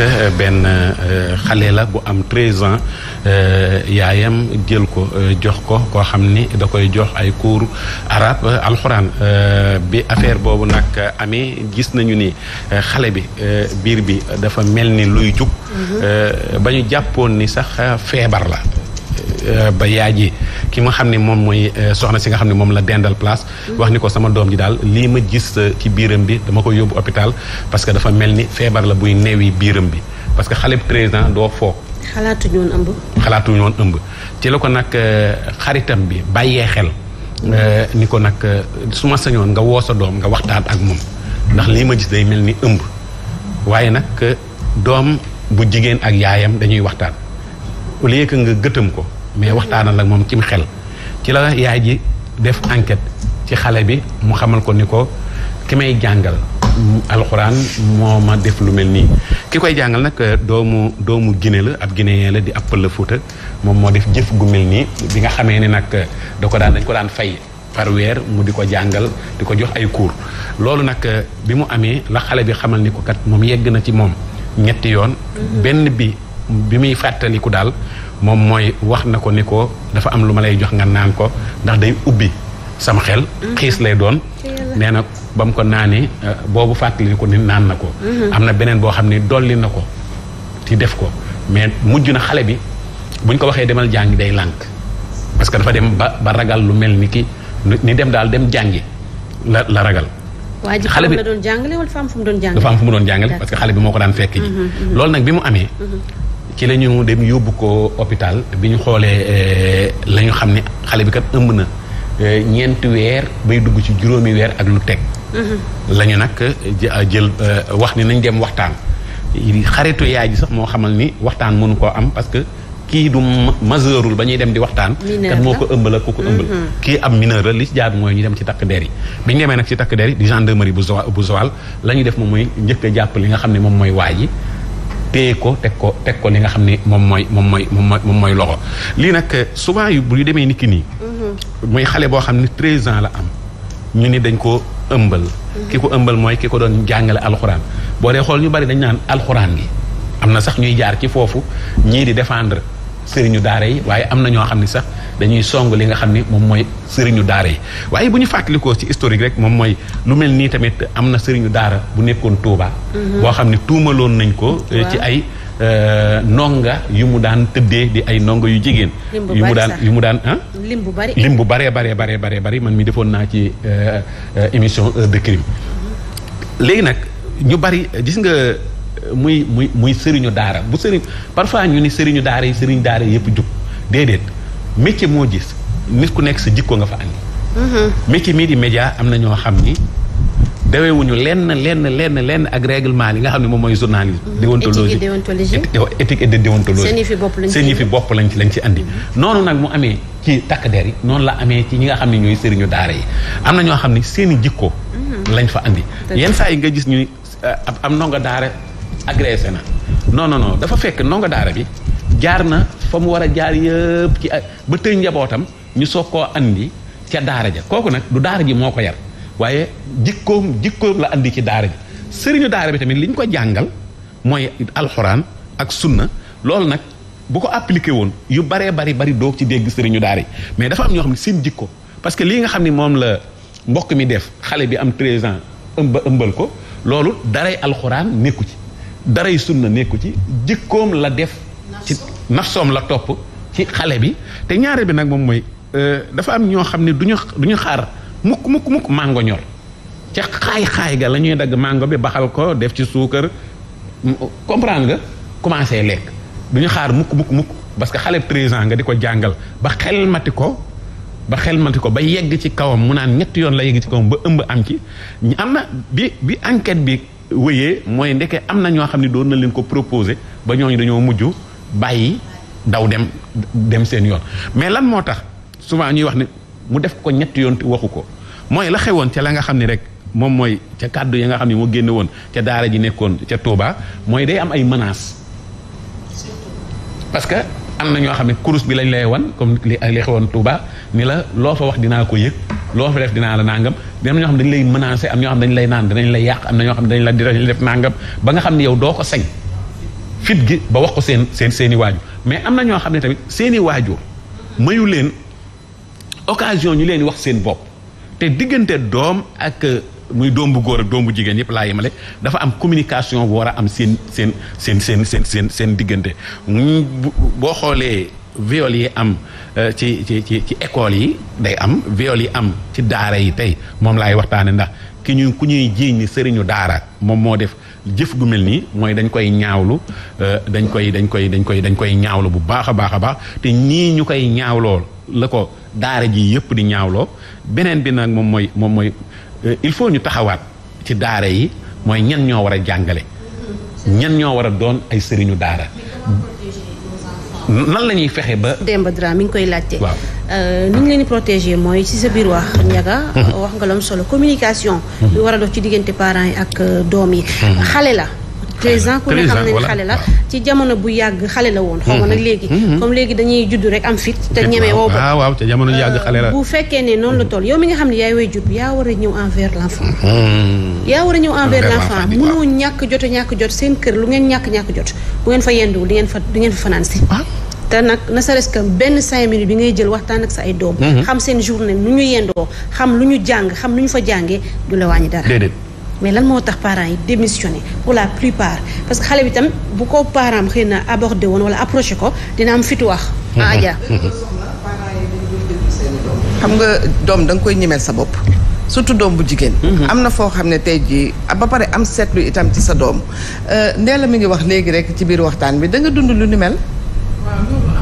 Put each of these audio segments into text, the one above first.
que euh, benn euh, xale la bu am 13 ans euh, yaayam jël ko jox ko koo xam ni da koy jox ay cours arabe alxuraan bi affaire boobu nag amee gis nañu ni xale bi biir bi dafa mel ni luy jug. Mhm. ba ñu jàppoon ni sax feebar la. Euh, ba yaay ji ki ma xam ne moom mooy euh, soxna si nga xam ne moom la dendal place wax ni ko sama doom ji daal lii ma gis euh, ci biiram bi dama ko yóbbu hôpital parce que dafa mel ni feebar la buy neewi biiram bi parce que xale président doo foo xalaatuñu woon ëmb ci la ko nag xaritam bi bàyyee xel mm. ni ko nag su ma sañoon nga woo sa doom nga waxtaan ak moom ndax lii ma gis day mel ni ëmb waaye nag doom bu jigéen ak yaayam dañuy waxtaan au nga gëtëm ko mais waxtaanal ak moom cim xel ci la yaay ji def enquête ci xale bi mu xamal ko ni ko ki may jàngal alxuraan moo ma def lu mel nii ki koy jàngal nag euh, doomu doomu Guinée la ab Guinéen la di ab Pël Fuuta moom moo def jëf gu mel nii bi nga xamee ni nag euh, da ko daan dañ ko daan fay par mu di ko jàngal di ko jox ay cours loolu nag euh, bi mu amee la xale bi xamal ni ko kat moom yegg na ci moom ñetti yoon mhm. benn bi bi muy fàttaliku daal moom mooy wax na ko ni ko dafa am lu ma lay jox nga naan ko ndax day ubbi sama xel mhm. xiis lay doon nee na ba mu ko naanee euh, boobu fàttaliku ni naan na ko mhm. am na beneen boo xam ne dolli na ko ci def ko mais mujj na xale bi buñ ko waxee demal jàngi day lànk parce que dafa dem ba ba ragal lu mel ni ki ni dem daal dem jàngi la la ragal xale bi dafa am fu mu doon jàngale parce que xale bi moo ko daan fekk ji mhm, loolu nag bi mu amee ci lañu dem yóbbu ko hôpital bi ñu xoolee eh, la ñu xam ne xale bi kat ëmb na eh, ñeenti weer bay dugg ci juróomi weer ak lu teg. Mm-hmm. la ñu nag jël eh, wax ni nañ dem waxtaan. xaritu yaay ji sax moo xamal ni waxtaan mënu koo am parce que kii du majeurul ba ñu dem di waxtaan. kat moo ko ëmb la ku ko ëmb mm-hmm. kii am mineur la li ci mooy ñu dem ci takk der yi. bi ñu demee nag ci takk der yi di gendarmerie bu Joal bu Joal la ñu def moom mooy njëkk jàpp li nga xam ne moom mooy waa ji. téye ko teg ko teg ko li nga xam ne moom mooy moom mooy moom mooy loxo lii nag souvent yu bu demee ni ki nii. Mhm. muy xale boo xam ne treize ans la am ñu ni dañ ko ëmbal. Mhm. ki ko ëmbal mooy ki ko doon jàngale alxuraan boo dee xool ñu bari dañ naan alxuraan gi am na sax ñuy jaar ci foofu ñii di defendre sëriñu daara yi waaye am na ñoo xam ne sax dañuy song li nga xam ni moom mooy sëriñu daara yi waaye bu ñu fàttalikoo ci historique rek moom mooy lu mel nii tamit am na sëriñu daara bu nekkoon Touba. Mhm. boo xam ne tuumaloon nañ ko. Eh, ci ay eh, ndonga yu mu daan tëddee di ay ndonga yu jigéen. yu mu daan yu mu daan ah. lim bu bari lim bu baree baree baree baree bari man mi defoon naa ci eh, émission heure de crime. Mhm. léegi nag ñu bari gis nga. muy muy muy sëriñu daara bu sëriñ parfois ñu ni sëriñu daara yi sëriñu daara yëpp jub déedéet métier moo gis nit ku nekk si jikko nga fa andi. Mhm. métier mii di média am na ñoo xam ni dawewuñu lenn lenn lenn lenn ak règlement li nga xam ne moom mooy journalisme. Mhm. déontologie éthique et déontologie seen yëfi bopp lañ ci seen yëfi bopp lañ ci lañ ci andi. Mhm. noonu nag mu amee ci takk der yi noonu la amee ci ñi nga xam ne ñooy sëriñu daara yi am na ñoo xam ne seen i jikko. lañ fa andi. yenn saa yi nga gis ñu am ndongo daara agressé na non non dafa fekk nongo daara bi jaar na fa mu war a jaar yëpp ci ba tëj njabootam. ñu soog koo andi ca daara ja kooku nag du daara ji moo ko yar waaye jikkoom jikkoom la andi ci daara ji sëriñu daara bi tamit li ñu ko jàngal mooy alxuraan ak sunna loolu nag bu ko appliqué woon yu baree bari bari doog ci dégg sëriñu daara yi mais dafa am ñoo xam ne seen jikko parce que lii nga xam ne moom la mbokk mi def xale bi am 13 ans ëmbal ko loolu daray alxuraan nekku ci daray sunna nekku ci jikkoom la def ci nafsoom la topp ci xale bi te ñaare bi nag moom mooy Euh, dafa am ñoo xam ne du ñu du xaar mukk mukk mukk mango ñor ca xaay xaay ga la ñuy dagg mango bi baxal ko def ci suukar comprendre nga commencé lekk du ñu xaar mukk mukk mukk parce que xale 13 nga di ko jàngal ba xelmati ko ba xelmati ko ba yegg ci kawam mu naan ñetti yoon la yegg ci kawam ba ëmb am ci ñu am na bi bi enquête bi wéyee mooy ndeke am na ñoo xam ne doon na leen ko proposé ba ñooñu dañoo mujj bàyyi daw dem dem seen yoon mais lan moo tax. souvent ñuy wax ne mu def ko ñetti yoon waxu ko mooy la xewoon ca la nga xam ne rek moom mooy ca kàddu yi nga xam ne moo génne woon ca daara ji nekkoon ca Touba mooy day am ay menaces. parce que am na ñoo xam ne kurus bi lañ lay wan comme li li xewoon Touba ni la loo fa wax dinaa ko yëg loo fa def dinaa la nangam am na ñoo dañ lay menacé am ñoo xam dañ lay naan dinañ lay yàq am na ñoo xam dañ la dinañ def nangam ba nga xam ni yow doo ko sañ fit gi ba wax ko seen seen seen i waajur mais am na ñoo xam ne tamit seeni i waajur mayu leen. occasion ñu leen wax seen bopp te diggante doom ak euh, muy doom bu góor ak doom bu jigéen yëpp laa yemale dafa am communication bu war a am seen seen seen seen seen seen seen diggante boo xoolee viole yi am euh, ci ci ci ci école yi day am viol yi am ci daara yi tey moom laay waxtaane ndax ki ñu ku ñuy jiiñ ni sëriñu daara moom moo def jëf gu mel nii mooy dañ koy ñaawlu euh, dañ koy dañ koy dañ koy dañ koy ñaawlu bu baax a baax a baax te ñii ñu koy ñaawlool la ko daara ji yëpp di ñaawloo beneen bi nag moom mooy moom mooy euh, il faut ñu taxawaat ci daara yi mooy ñan ñoo war a jàngale ñan ñoo war a doon ay sëriñu daara nan la ñuy fexe ba. Demba Dramé mi ngi koy laajte. waaw euh, ni ñu leen di protéger mooy ci sa biir wax ñaga mhm. wax nga lu solo communication. bi mhm. war a dox ci diggante parent yi ak euh, doom yi. Mhm. xale la. 13 ans ku ne xam nañ xale la ci jamono bu yàgg xale la woon xaw nag mhm. léegi mhm. comme léegi dañuy judd rek am fit te ñemee woo waaw ah, waaw te jamono yàgg euh, xale la bu fekkee ne noonu la toll yow mi nga xam ne yaay way jur yaa war a ñëw envers l' enfant mhm. yaa war a ñëw envers l' ñàkk jot ñàkk jot seen kër lu ngeen ñàkk-ñàkk jot bu ngeen fa yenduwul li ngeen fa di ngeen fa fanaan si ah. te nag ne serait-ce benn cinq minutes bi ngay jël waxtaan ak sa ay doom xam seen journée lu ñu yendoo xam lu ñu jàng xam lu ñu fa jàngee du la wàññi dara déedéet mais lan moo tax parents yi démissionné pour la plupart parce que xale bi tam bu ko parent xëy na abordé woon wala approché ko dina am fitu wax. Mhm. ah Adja. Mhm. xam nga doom da nga koy ñemeel sa bopp. surtout doom bu jigéen. Mhm. am na foo xam ne tey jii ah, ba pare am seetlu itam ci sa doom euh, Ndella mi ngi wax léegi rek ci biir waxtaan bi danga dund lu ni mel. waaw loolu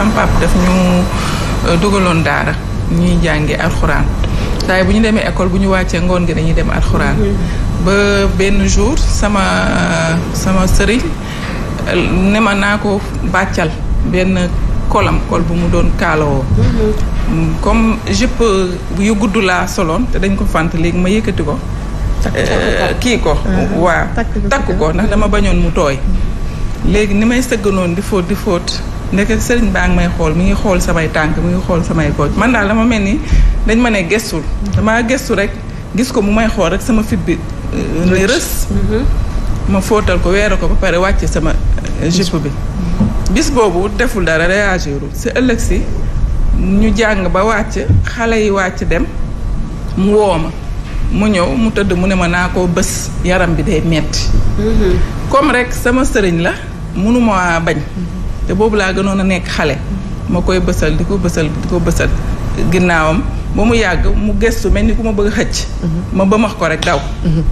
am euh, daf ñu euh, dugaloon daara ñuy jàngi alxuraan. saa bu ñu demee école bu ñu wàccee ngoon gi dañuy dem alxuraan ba benn jour sama sama sëriñ ne ma naa ko bàccal benn kolam kol bu mu doon kaalawoo comme jupe yu gudd laa soloon te dañ ko fant léegi ma yëkkati ko eh, kii ko ah, ah. waaw takk ko ndax dama bañoon mu tooy léegi ni may sëgganoon di fóot di fóot ndeke sëriñ baa ngi may xool mi ngi xool samay tànk mu ngi xool samay kooj man daal dama mel ni dañ ma ne gestul damaa gestu rek gis ko mu may xool rek sama fit bi euh, fóotal ko weere ko ba pare wàcce sama euh, jupe bi bis boobu deful dara réagirul si ëllëg si ñu jàng ba wàcc xale yi wàcc dem mu woo ma mu ñëw mu tëdd mu ne ma naa koo bës yaram bi day metti mm-hmm. comme rek sama sëriñ la mënuma bañ te boobu laa gënoon a nekk xale ma koy bësal di ko bësal di ko bësal ginnaawam ba mu yàgg mu gëstu mel ni ku ma bëgg xëcc mhm. ma ba max ko rek daw mhm.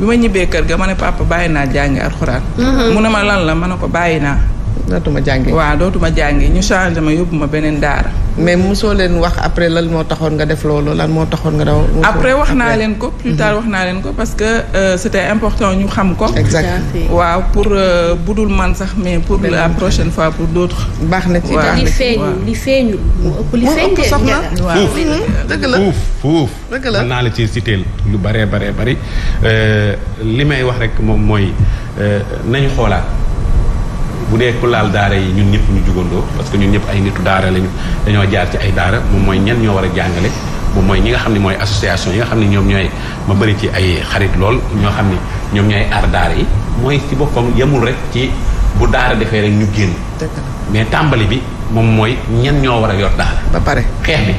bi ma ñibbee kër ga ma ne papa bàyyi naa jàngi alxuraan mhm. mu ne ma lan la ma ne ko bàyyi naa dootuma jàngi. waaw dootuma jàngi ñu changem ma yóbbu ma beneen daara. mais mosoo leen wax après lan moo taxoon nga def loolu lan moo taxoon nga daw. après wax naa leen ko. plus mhm. tard wax naa leen ko parce que euh, c'était important ñu xam ko. exactement waaw pour euh, budul man sax mais pour la prochaine fois pour d'autres. baax na ci baax na ci waaw li feeñu li feeñu. mu ëpp soxna waaw dëgg fuuf fuuf naa la ci citeel lu baree baree bari euh, li may wax rek moom mooy nañu xoolaat. bu dee ku laal daara yi ñun ñëpp ñu jugandoo parce que ñun ñëpp ay nitu daara lañu dañoo jaar ci ay daara moom mooy ñan ñoo war a jàngale moom mooy ñi nga xam ne mooy association yi xam ne ñoom ñooy ma bëri ci ay xarit lool ñoo xam ne ñoom ñooy aar daara yi mooy ci boppam yemul rek ci bu daara defee rek ñu génn mais tàmbali bi moom mooy ñan ñoo war a yor daara ba pare xeex bi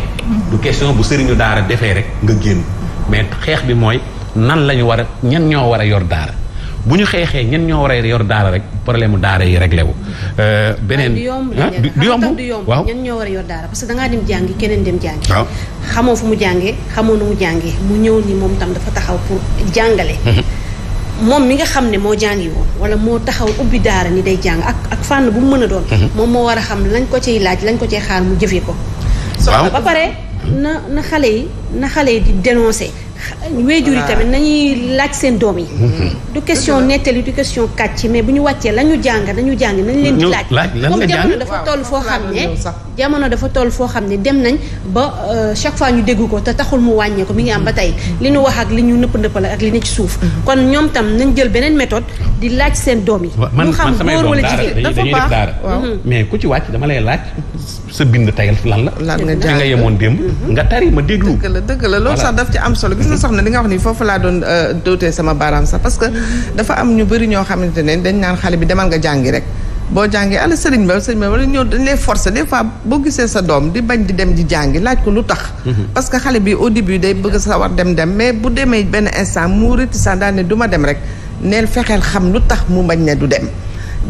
du question bu sëriñu daara defee rek nga génn mais xeex bi mooy nan la ñu war a ñan ñoo war a yor daara bu ñu xeexee ñen ñoo war a yor daara rek problème mu daara yi réglé wu. Euh, beneen ah, ah, du yomb du yomb du yomb waaw ñen ñoo war a yor daara parce que dangaa dem jàngi keneen dem jàngi. waaw xamoo fu mu jàngee xamoo nu mu jàngee mu ñëw ni moom tam dafa taxaw pour jàngale. moom mi nga xam ne moo jàngi woon wala moo taxaw ubbi daara ni day jàng ak ak fànn bu mu mën a doon. moom moo war a xam lañ ko ciy laaj lañ ko ciy xaar mu jëfee ko. waaw ba pare. na na xale yi na xale yi di dénoncer. wéjur yi tamit nañuy laaj seen doom yi. Mhm. du question nettali du question kàcc mais bu ñu wàccee la ñu jàng nañu jàng nañ leen di laaj. comme jamono dafa toll foo xam ne. jamono dafa toll foo xam ne dem nañ ba euh, chaque fois ñu dégg ko te taxul mu wàññee ko mi ngi am ba tey mhm. li ñu wax ak li ñu nëpp nëppal ak li ne ci suuf. Mhm. kon ñoom tam nañ jël beneen méthode di laaj seen doom yi. man xam góor wala jigéen mais ku ci wàcc dama lay laaj. sa bind tayal lan la. lan nga jaar nga yemoon mhm. nga tari ma déglu. dëgg la dëgg la loo sax daf ci am solo gis nga soxna li nga wax ni foofu laa doon euh, dootee sama baaraam sax parce que dafa am ñu bëri ñoo xamante ne dañ naan xale bi demal nga jàngi rek. boo jàngee ala sëriñ ba sëriñ ba wala ñëw dañ lay forcer des fois boo gisee sa doom di bañ di dem di jàngi laaj ko lu tax. Mhm. parce que xale bi au début day bëgg sa war dem dem mais bu demee benn instant mu réticent daal ne du ma dem rek neel fexeel xam lu tax mu bañ ne du dem.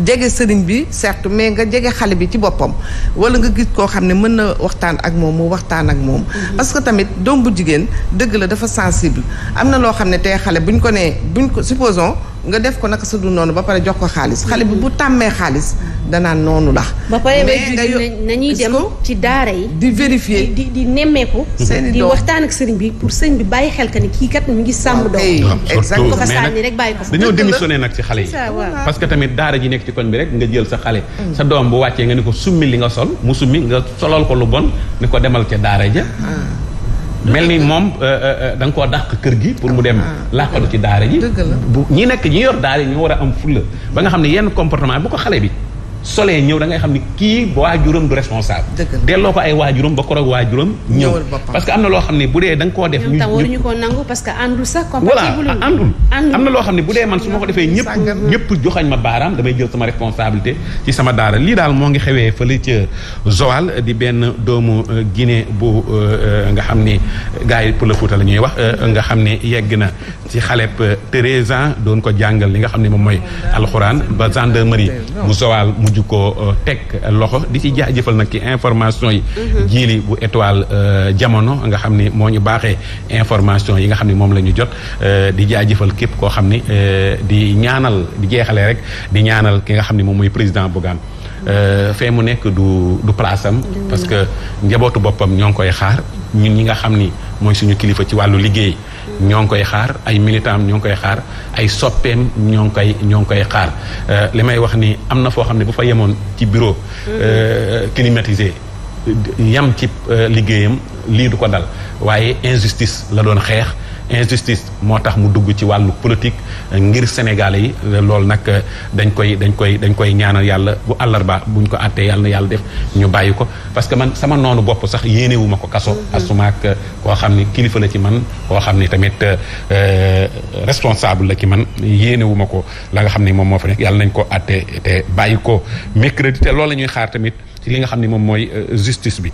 jege sëriñ bi certes mais nga jege xale bi ci boppam wala nga gis koo xam ne mën na waxtaan ak moom mu waxtaan ak moom. Mm-hmm. parce que tamit doom bu jigéen dëgg la dafa sensible am na loo xam ne tey xale buñ ko nee buñ ko supposons. nga def ko naka sa du noonu ba pare jox ko xaalis xale bi bu tàmmee xaalis danaa noonu la. ba pare nañuy dem ci daara yi. di vérifier di di nemmeeku. di waxtaan ak sëriñ bi pour sëriñ bi bàyyi xel ka ni kii kat mi ngi sàmm doom. exactement ko ah, sànni rek bàyyi ko fa. dañoo démissionné nag ci xale yi. parce que tamit daara ji nekk ci koñ bi rek nga jël sa xale. Mm. sa doom bu wàccee nga ni ko summi li nga sol mu summi nga solal ko lu bon ni ko demal ca daara ja. Ah. mel ni moom euh, euh, euh, da nga koo dàq kër gi pour mu dem ah. làqalu ci daara ji bu ñi nekk ñi yor daara yi war a am fulla ba nga xam ne yenn comportement bu ko xale bi solee ñëw da ngay xam ni kii waajuram du responsable delloo ko ay waajuram ba koroog waajuram ñëw parce que am na loo xam ne bu dee da koo def ñoom tam waruñu ko nangu parce que ah, am na loo xam ne bu dee man su ma ko defee ñëpp ñëpp joxañ ma baaraam damay jël sama responsabilité ci sama daara lii daal moo ngi xewee fële ca Joal di benn doomu euh, Guinée bu euh, nga xam ni gars yi pour la la ñuy wax euh, nga xam ne yegg na ci xaleb 13 doon ko jàngal li nga xam ne moom mooy alxuraan ba gendarmerie ju ko euh, teg loxo di ci jaajëfal nag ci information yi. Mhm. jiili bu étoile euh, jamono nga xam ni moo ñu baaxee information yi nga xam ni moom la ñu jot euh, di jaajëfal képp koo xam ni di ñaanal di jeexale rek di ñaanal ki nga xam ni moom mooy président Bougane. Euh, fee mu nekk du du place am parce que njabootu boppam ñoo ngi koy xaar ñun ñi nga xam ni mooy suñu kilifa ci wàllu liggéey ñoo ngi koy xaar ay militant am ñoo ngi koy xaar ay soppeem ñoo ngi koy ñoo ngi koy xaar euh, li may wax ni am na foo xam ne bu fa yemoon ci bureau euh, climatisé yam ci liggéeyam lii du ko dal waaye injustice la doon xeex injustice moo tax mu dugg ci wàllu politique ngir sénégalais yi loolu nag euh, dañ koy dañ koy dañ koy ñaanal yàlla bu àllarba buñ ko àttee yàlla na yàlla def ñu bàyyi ko parce que man sama noonu bopp sax yéenewu ma ko kaso mm-hmm. asumaak euh, koo xam ni kilifa la ci man koo xam ni tamit euh, responsable la ci man yéenewuma ko la nga xam ni moom moo fa nekk yàlla nañ ko àttee te bàyyi ko mercredi te loolu la ñuy xaar tamit ci li nga xam ni moom mooy justice bi